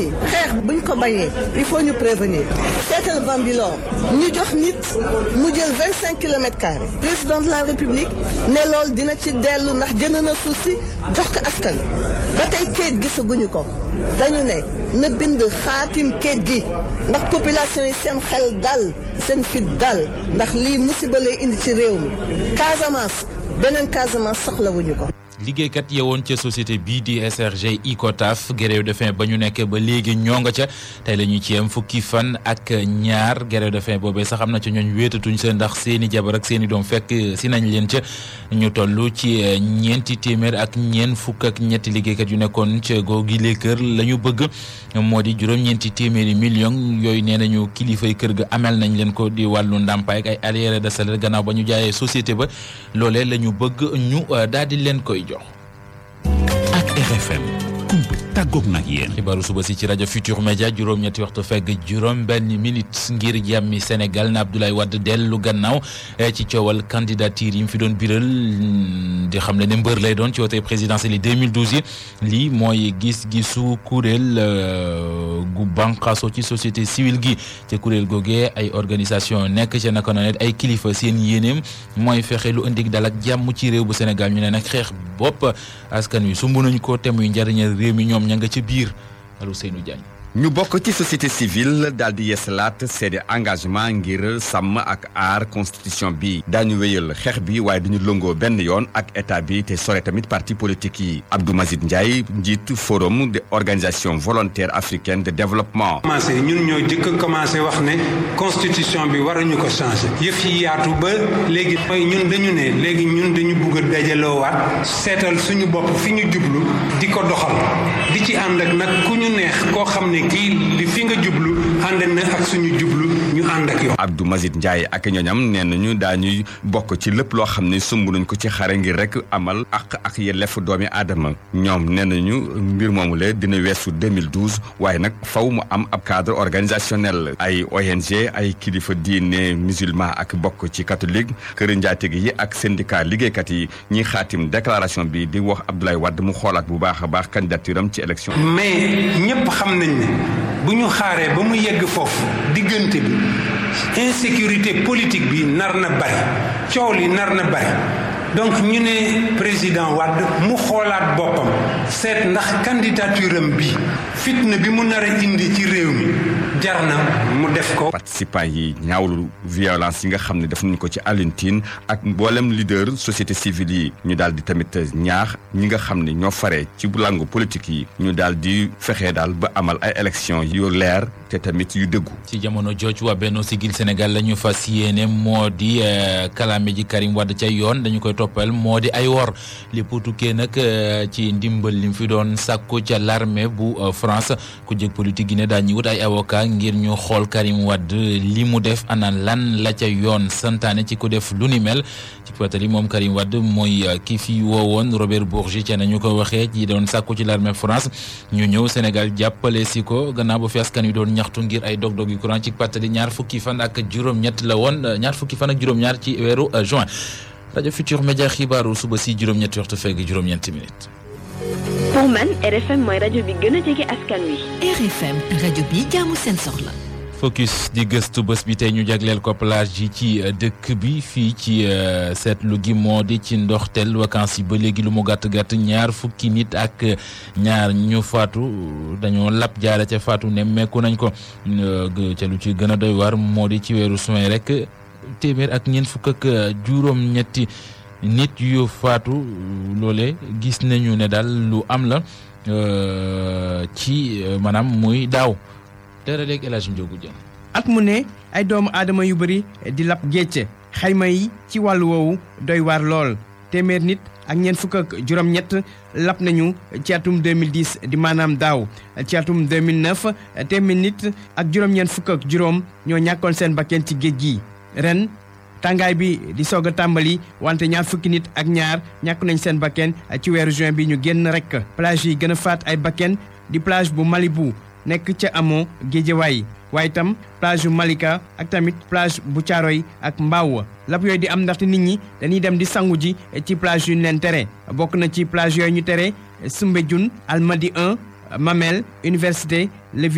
nii xeex buñ ko bañee il faut ñu prévenir seetal Bambilor ñu jox nit mu jël vingt cinq kilomètres carrés président de la république ne loolu dina ci dellu ndax jënd na suuf si jox ko askan ba tey kayit gisaguñu ko dañu ne na bind xaatim kayit gi ndax population yi seen xel dal seen fit dal ndax lii ci bële indi ci réew mi Casamance beneen Casamance soxlawuñu ko liggéeykat yeewoon ca société bii di SRG Icotaf grève de fin ba ñu nekk ba léegi ñoo nga ca tey la ñu ci yem fukki fan ak ñaar grève de faim boobee sax am na ca ñooñ wéetatuñ sa ndax seeni jabar ak seeni doom fekk si nañ leen ca ñu toll ci eh, ñeenti téeméeri ak ñeent fukk ak ñetti liggéeykat yu nekkoon ca googi kër la ñu bëgg moo di juróom-ñeenti téeméeri million yooyu nee nañu kilifay kër ga ameel nañ leen ko di wàllu ndàmpaay ak ay arriérés de salaire gannaaw ba ñu jaayee société ba loolee la ñu bëgg ñu eh, daal di leen koy jox. ak RFM. tàggoog nag yéen xibaaru suba si ci rajo Futur Media juróom-ñetti waxtu fegg juróom benn minutes ngir jàmmi Sénégal na Abdoulaye wadd dellu gannaaw eh, ci coowal candidature yi mu fi doon biral di xam ne ne mbër lay doon ci wote présidentielle yi 2012 yi lii mooy gis-gisu kuréel eh, gu banqaaso ci société civile gi te kuréel googee ay organisation nekk ci naka noonu ay kilifa seen yéeneem mooy fexe lu indi dal ak jàmm ci réew bu Sénégal ñu ne nag xeex bopp askan wi sumb nañ ko ña nga ca biir Alou Seynou Diagne ñu bokk ci société civile daal di yeesalaat seeni engagement ngir sàmm ak aar constitution bi daañu wéyal xeex bi waaye duñu lëngoo benn yoon ak état bi te sore tamit parti politique yi Abdou Mazid Ndiaye njiit forum de organisation volontaire africaine de développement. commencé ñun ñoo jëkk commencé wax ne constitution bi waruñu ko changé yëf yi yaatu ba léegi mooy ñun dañu ne léegi ñun dañu bugg a dajaloowaat seetal suñu bopp fi ñu jublu di ko doxal di ci ànd ni li fi nga jublu ànd na ak suñu jublu ñu ànd ak yow. Abdou Mazid Ndiaye ak ñooñam nee nañu daañuy bokk ci lépp loo xam ne sumb nañ ko ci xare ngir rek amal ak ak yelleef doomi aadama ñoom nee nañu mbir moomu la dina weesu 2012 waaye nag faw mu am ab cadre organisationnel ay ONG ay kilifa diine musulman ak bokk ci catholique kër njaatig yi ak syndicat liggéeykat yi ñiy xaatim déclaration bi di wax Abdoulaye Wade mu xoolaat bu baax a baax candidature am ci élection. mais ñëpp xam nañ ne bu ñu xaaree ba mu yegg foofu diggante bi insécurité politique bi nar na bari coow li nar na bari donc ñu ne président Wade mu xoolaat boppam seet ndax candidature bi fitna bi mu nar indi ci réew mi jar na mu def ko. participants yi ñaawlu violence yi nga xam ne def nañu ko ci alintine ak mboolem leader société civile yi ñu daldi tamit ñaax ñi nga xam ne ñoo faree ci langue politique yi ñu daal di fexe daal ba amal ay élections yu leer te tamit yu dëggu. ci jamono jooju wa benn Siggil Sénégal la fa fas moo di euh, kalaame ji Karim Wade ca yoon toppal moo di ay wor lépp tukkee nag euh, ci ndimbal li mu fi doon sàkku ca l'armée bu euh, France ku jëg politique yi daal daañu wut ay avocat ngir ñu xool Karim Wade li mu def ana lan la ca yoon santaane ci ku def lu ni mel ci fàttali moom Karim Wade mooy euh, ki fi woowoon Robert Bourgi ca nañu ko waxee ci doon sàkku ci l'armée France ñu ñëw Sénégal jàppale si ko gannaaw bu fi askan wi doon ñaxtu ngir ay dog-dog yu courant ci fàttali ñaar fukki fa ak juróom la woon ñaar fukki fan ak juróom ci weeru juin rajo Futur Media xibaaru suba si juróom-ñetti waxtu fegg juróom RFM rajo bi gën seen soxla. focus di gëstu bës bi tey ñu jagleel ko plage yi ci euh, dëkk bi fii ci euh, seetlu gi moo di ci ndoxteel vacances yi ba léegi lu mu gàtt gàtt ñaar fukki nit ak euh, ñaar ñu faatu dañoo lap jaare ca faatu ne mekku nañ ko ca lu ci gën a doy waar moo di ci weeru suwee rekk téeméer ak ñeent fukk ak euh, juróom-ñetti nit yu faatu loole gis nañu ne daal lu am la euh, ci euh, maanaam muy daaw dara léegi El Hadj Ndiogou Dieng at mu ne ay doomu aadama yu bëri di lab géej xayma yi ci wàllu woowu doy waar lool téeméer nit ak ñeent fukk ak juróom-ñett lab nañu ci atum di maanaam daaw ci atum 2009 téeméer ak juróom-ñeent fukk ak juróom ñoo ñàkkoon seen bakkeen ci géej gi. ren tàngaay bi di soog a tàmbali wante ñaar fukki nit ak ñaar ñàkk nañ seen bakken eh, ci weeru juin bi ñu génn rek plage yi gën a faat ay bakken di plage bu Malibu nekk ca Hamo Guédiawaye waaye itam plage yu Malika ak tamit plage bu Thiaroye ak Mbao lap yooyu di am ndaxte nit ñi dañuy dem di sangu ji eh, ci plage yu ñu tere bokk na ci plage yooyu ñu tere eh, Soumbédioune Almadies 1 Mamelles Université Le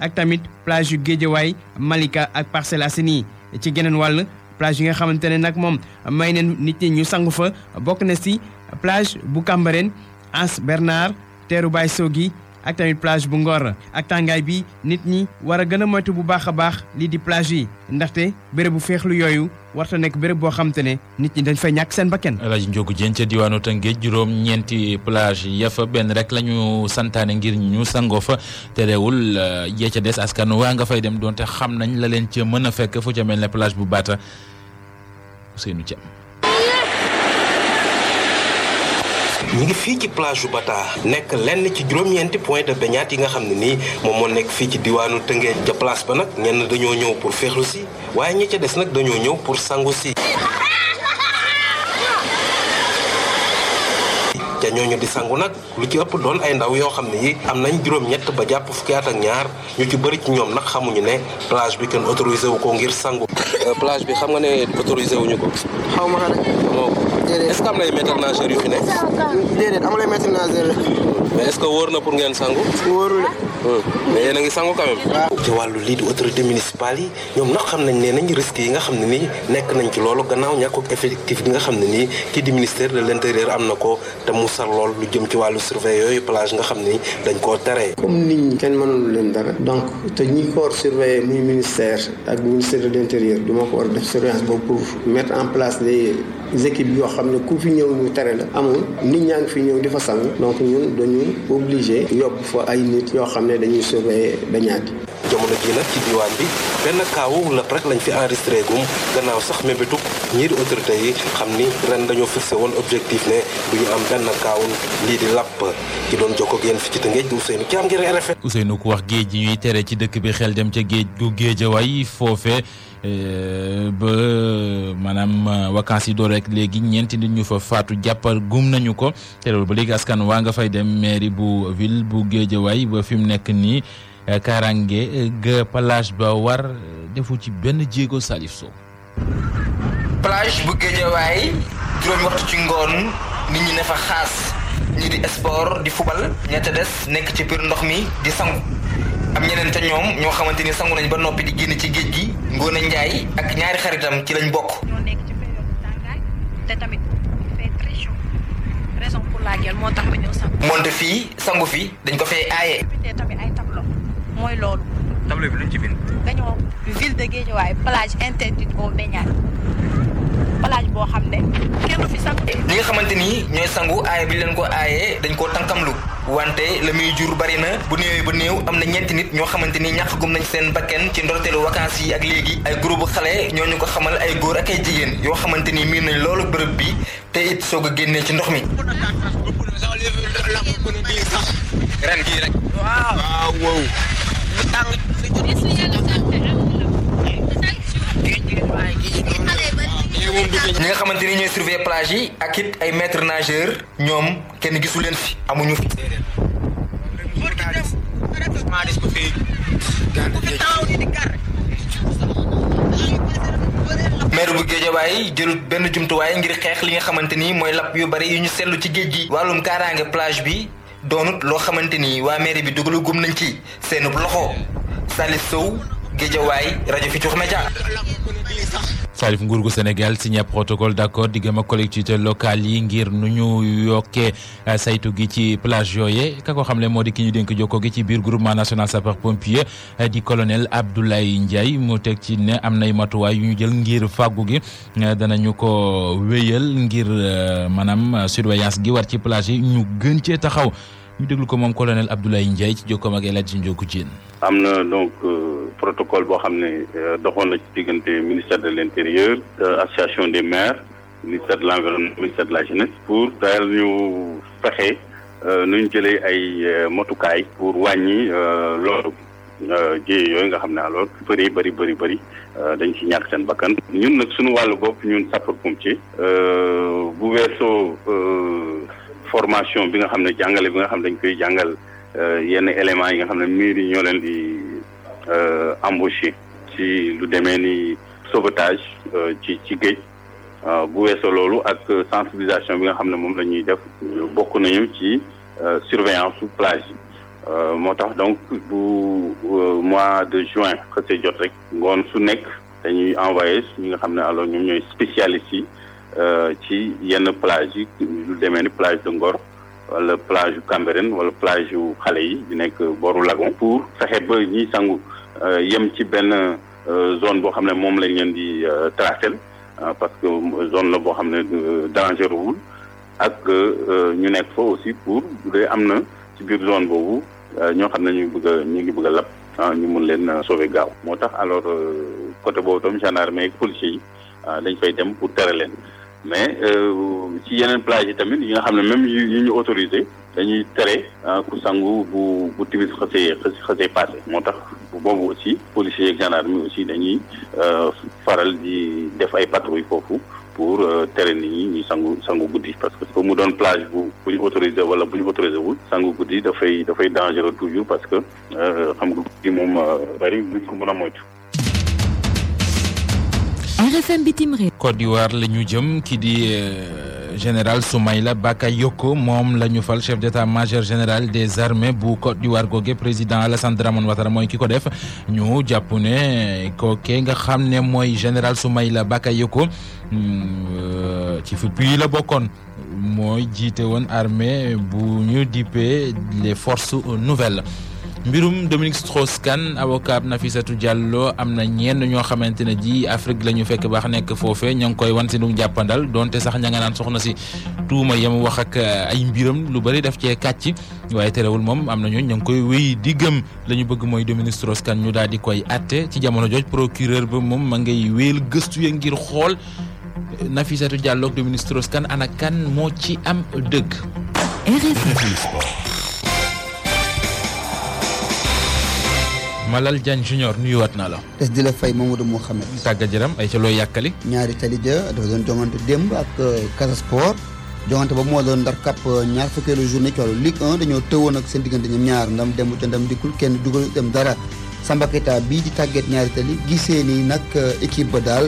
ak tamit plage yu Guédiawaye Malika ak Parcelles Assainies ci geneen wàll plage yi nga xamante ne nag moom may neen nit ñi ñu sangu fa bokk na si plage bu Cambérène Anse Bernard teeru Baye Sogui ak tamit plage bu ngoor la ak tàngaay bi nit ñi war a gën a moytu bu baax a baax lii di plage yi ndaxte bërëb bu feexlu yooyu warta nekk béréb boo xam ne nit ñi dañ fay ñàkk seen bakken El Hadj Ndiogu Dieng ca diwaanu Tëngéej juróom ñeenti plage ya fa benn rek la ñu santaane ngir ñu sangoo fa terewul eh, yee ca des askan waa nga fay dem donte xam nañ la leen ca mën a fekk fu ca mel ne plage bu baata Ousseynou Thiam ñi ngi fii ci plage bu Bata nekk lenn ci juróom-ñeenti point de baignade yi nga xam ne nii moom moo nekk fii ci diwaanu Tëngéej ca place ba nag ñenn dañoo ñëw pour féexlu si waaye ñi ca des nag dañoo ñëw pour sangu si te ñooñu di sangu nag lu ci ëpp doon ay ndaw yoo xam ne yi am nañ juróom-ñett ba jàpp fukki at ak ñaar ñu ci bëri ci ñoom nag xamuñu ne plage bi kenn autorisé wu ko ngir sangu euh, plage bi xam nga ne autorisé wuñu ko xaw ma est-ce que am na ay est-ce que wóor na pour ngeen sangu. wóorul. Hmm. mais yéen ci wàllu lii di autorité yi ñoom nag xam nañ ne nañ risques yi nga xam ne nii nekk nañ ci loolu gannaaw ñàkkuk effectif bi nga xam ne nii kii di ministère de l'intérieur am na ko te mu sar lool lu jëm ci wàllu surveille yooyu plage nga xam ne dañ koo tere. comme nit ñi kenn mënul leen dara. donc te ñi ko war surveiller ministère ak ministère de l'intérieur du ma ko war boobu pour en place les équipes yoo xam ne ku fi ñëw ñu tere la amul nit ñaa ngi fi ñëw di fa donc ñun dañuy obligé yóbbu fa ay nit yoo xam ne dañuy sauver bañaati jamono ji nag ci diwaan bi benn kaawu la rek lañ fi enregistré gum gannaaw sax mébétuk ñii di autorité yi xam ni ren dañoo fixé woon objectif ne du ñu am benn kaawun lii di làpp ci doon jokko ak yéen fi ci Tëngéej di Ousseynou Thiam ngir RFM Ousseynou ku wax géej yi ñuy tere ci dëkk bi xel dem ca géej gu géejawaay foofe Eh, ba maanaam eh, vacances yi door rek léegi ñeenti nit ñu fa faatu jàppal gum nañu ko te loolu ba léegi askan waa nga fay dem mairie bu ville bu Géejawaay ba fi mu nekk nii eh, Kaaraange ga plage ba war defu ci benn jéego Salif Sow. plage bu Géejawaay juróomi waxtu ci ngoon nit ñi ne fa xaas ñi di sport di fubal ña des nekk ci biir ndox mi di sangu. am ñeneen ca ñoom ñoo xamante ni sangu nañ ba noppi di génn ci géej gi Ngoone Njaay ak ñaari xaritam ci lañ bokk. ñoo tamit fait très moo tax ba ñëw sangu. moonte fii sangu fi dañ ko fay aaye. bindee tamit ay mooy loolu. tableau bi luñ ci bind. dañoo ville de Guédiawaye plage interdite aux baignades. palaaj boo xam ne kenn du fi ñi nga xamante ni ñooy sangu aaya bi leen ko aayee dañ koo tànkamlu wante la muy jur bari na bu néewee bu néew am na ñetti nit ñoo xamante ni ñàkk gum nañ seen bakken ci ndorteelu vacances yi ak léegi ay groupe xale ñoo ñu ko xamal ay góor ak ay jigéen yoo xamante ni miin nañ loolu bërëb bi te it soog a génnee ci ndox mi ren gii rek waaw wow tàng li nga xamante ni ñooy surveiller plage yi ak it ay maître nageur ñoom kenn gisu leen fi amuñu fi. maire bu Géejawaay jëlut benn jumtuwaay ngir xeex li nga xamante ni mooy lapp yu bari yu ñu seetlu ci géej gi. wàllum kaaraange plage bi doonut loo xamante ni waa maire bi dugalu gum nañ ci seenub loxo Salif Sow Géejawaay rajo Futurs Médias Salif nguur gu Sénégal signé protocole d'accord diggam ak collectivité locale yi ngir nu ñu yokkee euh, saytu gi ci plage yooye ka ko xam ne moo di ki ñu dénk jokko gi ci biir groupement national sapeur pompier euh, di colonel Abdoulaye Ndiaye mu teg ci ne am nay matuwaay yu ñu jël ngir fàggu gi euh, ñu ko wéyal ngir maanaam surveillance gi war ci plage yi ñu gën cee taxaw ñu déglu ko moom colonel Abdoulaye Ndiaye ci jokkoom ak El Hadji Ndiogou Diène am na protocole boo xam ne euh, doxoon na ci diggante ministère de l' intérieur euh, association des maires ministère de l' environnement ministère de la jeunesse pour daal ñu fexe euh, nuñ ñu jëlee ay motukaay pour wàññi loolu jéye yooyu nga xam ne alors bëri bëri bëri bëri dañ ci ñàkk seen bakkan ñun nag suñu wàllu bopp ñun sapeur pompier bu weesoo formation bi nga xam ne jàngale bi nga xam ne dañ koy jàngal yenn éléments yi nga xam ne miir yi ñoo leen di Euh, embauché ci lu demee ni sauvetage euh, ci ci géej euh, bu weesoo loolu ak sensibilisation bi nga xam ne moom lañuy def bokk nañu ci surveillance su plage yi moo tax donc bu mois de juin xëse jot rek ngoon su nekk dañuy envoyé ñi nga xam ne alors ñoom ñooy spécialistes yi ci yenn plage yi lu demee ni plage de Ngor wala plage yu wala plage yu xale yi di nekk boru lagon pour fexe ba ñiy sangu euh, yem ci benn euh, zone boo xam ne moom lañ leen di euh, tracel parce que zone la boo xam ne dangerewul ak ñu nekk fa aussi pour bu am na ci biir zone boobu ñoo xam ne ñu bëgg a ñu ngi bëgg a ah, ñu mun leen sauver gaaw moo tax alors côté boobu tam gendarmerie ak policiers yi dañ fay dem pour tere leen mais euh, ci yeneen plage yi tamit yi nga xam ne même yu ñu autorisé dañuy tere ah, ku sangu bu bu timis xasee xasee passé moo tax boobu aussi policiers ak gendarme yi aussi dañuy euh, faral di def ay patrouille foofu pour euh, tere nit ñi ñuy sangu sangu guddi parce que mu doon plage bu bu ñu autorisé wala bu ñu autorisé wul sangu guddi dafay dafay dangereux toujours parce que xam nga guddi moom bari buñ ko mën a moytu RFM bitim réew. Côte d'Ivoire la ñu jëm ki di. Euh, général Soumaïla Bakayoko moom la ñu fal chef d'état-major général des armées bu Côte d'Ivoire googe président Alassane Dramane Ouattara mooy ki ko def ñu jàpp ne kooke nga xam ne mooy général Soumaïla Bakayoko hmm, euh, ci FUPUI la bokkoon mooy jiite woon armée bu ñu dippee les forces nouvelles mbirum Dominique Strauss-Kahn avocat Nafisatou Diallo am na ñenn ñoo xamante ne ji Afrique la ñu fekk baax nekk foofe ñoo ngi koy wan si nu jàppandal donte sax ña nga naan soxna si tuuma yam wax ak eh, ay mbiram lu bëri def cee kàcc waaye terewul moom am na ñooñu ñoo ngi koy wéy di gëm la bëgg mooy Dominique Strauss-Kahn ñu daal di koy atte ci jamono jooj procureur ba moom ma ngay wéyal gëstu ya ngir xool eh, Nafisatou Diallo ak Dominique Strauss-Kahn ana kan moo ci am dëgg. Malal Diagne junior nuyuwaat naa la. des di la fay Mamadou Mouhamed. tàggat yaram ay ca loo yàkkali. ñaari tali ja dafa doon jongante démb ak euh, Casa Sport jongante boobu moo doon ndar kap euh, ñaar fukkeelu journée ci wàllu Ligue 1 dañoo tëwoon ak seen diggante ñoom ñaar ndam dem ca ndam dikkul kenn dugal dem dara Samba Keita bii di tàggat ñaari tali gisee nii nag euh, équipe ba daal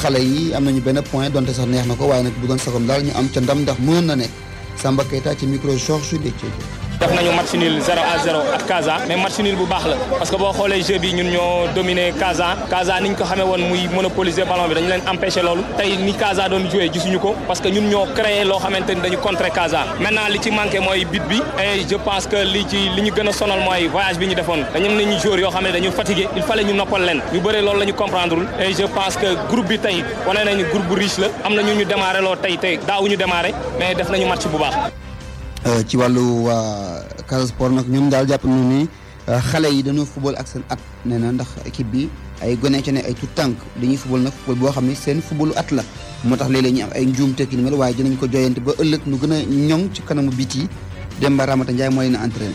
xale yi am nañu benn point donte sax neex na ko waaye nag bu doon sagoom daal ñu am ca ndam ndax mënoon na nekk Samba Keita ci micro Georges Dethie def nañu match nul 0 à 0 ak Casa mais match nul bu baax la parce que boo xoolee jeu bi ñun ñoo dominer Casa Casa niñ ko xamee woon muy monopoliser ballon bi dañu leen empêcher loolu tey ni Casa doon joué gisuñu ko parce que ñun ñoo créé loo xamante ni dañu contrer Casa maintenant li ci manqué mooy bit bi et je pense que li ci li ñu gën a sonal mooy voyage bi ñu defoon dañu am nañu joueurs yoo xam ne dañu fatigué il fallait ñu noppal leen ñu bëre loolu la ñu comprendrewul pense que groupe bi tey wane nañu groupe bu riche la am na ñu ñu démarré loo tey tey daawuñu démarré mais def nañu match bu baax Euh, ci wàllu waa Casa Sport nag ñoom daal jàpp nañu ni euh, xale yi dañoo football ak seen at nee na ndax équipe bi ay gone ci ne ay tout tànk dañuy football na football boo xam ne seen footballu at la moo tax léeg-léeg ñu am ay njuumte ki ni mel waaye dinañ ko joyante ba ëllëg nu gën a ñoŋ ci kanamu biti Demba Ramata Ndiaye moo leen a entraîné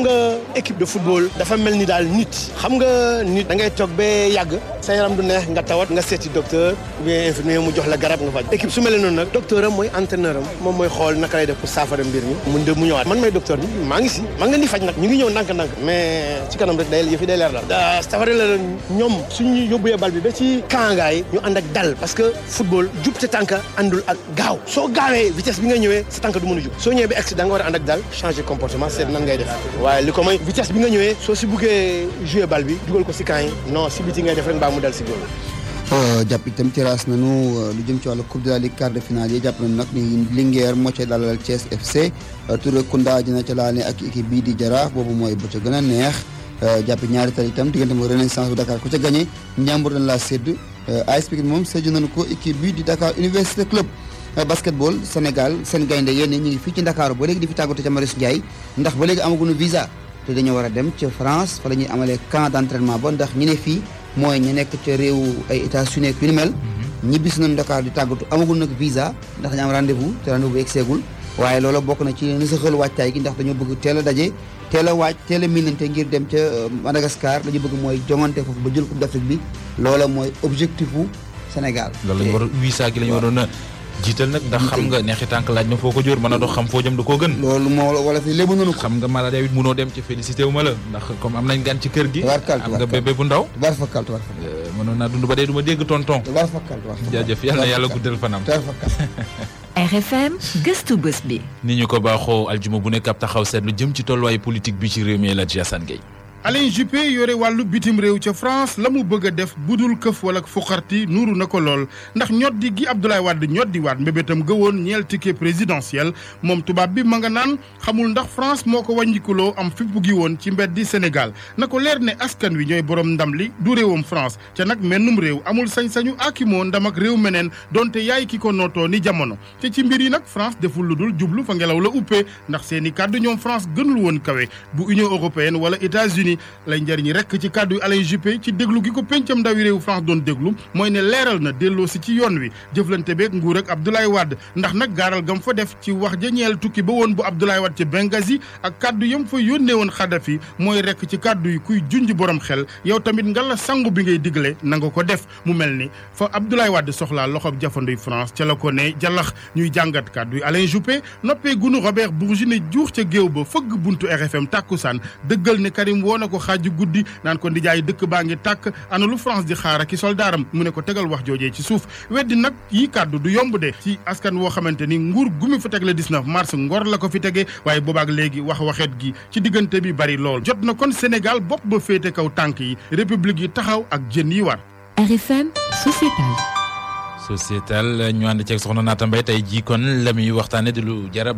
xam nga équipe de football dafa mel ni daal nit xam nga nit da ngay toog ba yàgg sa yaram du neex nga tawat nga seeti docteur ou bien infirmier mu jox la garab nga faj équipe su mel noonu nag docteur am mooy mooy xool naka lay def pour saafara mbir mi mun de mu ñëwaat man may docteur bi maa ngi si maa ngi leen di faj nag ñu ngi ñëw ndànk-ndànk mais ci kanam rek day yëfi day leer daal safare la ñoom suñu yóbbuyee bal bi ba ci kangaay ñu ànd ak dal parce que football jub te tànk àndul ak gaaw soo gaawee vitesse bi nga ñëwee sa tànk du mën a jub soo ñëwee ba egsi a ànd ak dal changer comportement seet waaye li ko mooy vitesse bi nga ñëwee soo si buggee jouer bal bi dugal ko si camp yi non si biti ngay def rek mbaa mu dal si góol euh, jàpp itam tiraas nañu euh, lu jëm ci wàllu coupe de la ligue quart de finale yi jàpp na nag ni Linguère moo ca dalal Thiès FC euh, Tourékounda dina ca laale ak équipe bi di Jaraaf boobu mooy ba ca gën a neex jàpp ñaari tali itam diggante mu Renaissance bu Dakar ku ca gagné Ndiambour dañ laa sedd AS Pikine moom sédd nañu ko équipe bii di Dakar Université Club. Euh, basketball Sénégal seen gaynde yéen ñu ngi fii ci Ndakaaru ba léegi di fi tàggatu ca Marius Ndiaye ndax ba léegi amaguñu visa te dañoo war a dem ca France fa la ñuy amalee camp d'entraînement ba ndax ñu ne fii mooy ñu nekk ca réewu ay États-Unis ak yu ni mel mhm. ñibbis nañu Dakar di tàggatu amaguñu nag ndax dañu am rendez-vous te rendez-vous bi egseegul bokk na ci ni sa xël waajtaay gi ndax dañoo bëgg teel a daje teel a waaj teel a miinante ngir dem ca euh, Madagascar la ñu bëgg mooy jongante foofu ba jël Coupe d'Afrique bi loola mooy objectif u Sénégal loolu la ñu war a gi la ñu waroon jiital nag ndax xam nga neexi tànk laaj na foo ko jóor mën a dox xam foo jëm da koo gën loolu moo wala fi lébu nanu ko xam mala yow it dem ci félicité wu ma la ndax comme am nañ gan ci kër gi am nga bébé bu ndaw war a kal war fa euh, mënoon naa dund ba dee du ma dégg tonton war fa kal jaajëf yàlla na yàlla guddal fanam RFM gëstu bés bi ni ñu ko baaxoo aljuma bu nekk ab taxaw seetlu jëm ci tolluwaayu politique bi ci réew mi El Hadji Assane Gueye Alain Juppé yore wàllu bitim réew ca France la mu bëgg a def budul këf wala fuqarti nuuru na ko lool ndax ñoddi gi Abdoulaye Wade ñoddi waat mbebetam mbébétam gëwoon ñeel ticket présidentiel moom tubaab bi ma nga naan xamul ndax France moo ko wàññikuloo am fippu gi woon ci mbeddi Sénégal na ko leer ne askan wi ñooy borom ndam li du réewam France ca nag mennum réew amul sañ-sañu moo ndam ak réew meneen donte yaay ki ko nootoo ni jamono te ci mbir yi nag France deful lu dul jublu fa ngelaw la uppee ndax seen i kàddu ñoom France gënul woon kawe bu ni lay njëriñ rek ci kàddu yu Alain Juppé ci déglu gi ko pencam ndawi réew France doon déglu mooy ne leeral na delloo ci yoon wi jëflante beeg nguur ak Abdoulaye Wade ndax nag gaaral gam fa def ci wax ja ñeel tukki ba woon bu Abdoulaye Wade ci Benghazi ak kàddu yam fa yónnee woon Kadhafi mooy rekk ci kàddu yi kuy junj borom xel yow tamit nga la sangu bi ngay digle na nga ko def mu mel ni fa Abdoulaye Wade soxlaa loxob jafanduy France ca la ne jalax ñuy jàngat kàddu yi Alain Juppé noppee gunu Robert Bourgi ne juux ba fëgg buntu RFM tàkkusaan na ko xaaju guddi naan ko ndijaay dëkk baa ngi tàkk ana lu France di xaar ak i soldaaram mu ne ko tegal wax joojee ci suuf yi kàddu la ko fi tege waaye boobaak léegi wax waxet gi bi bari lool jot na kon Sénégal bopp ba féete kaw tànk yi république yi taxaw ak jën yi war RFM sociétal ñu ànd ceeg soxna Naata Mbaye tey jii kon la muy waxtaane di lu jara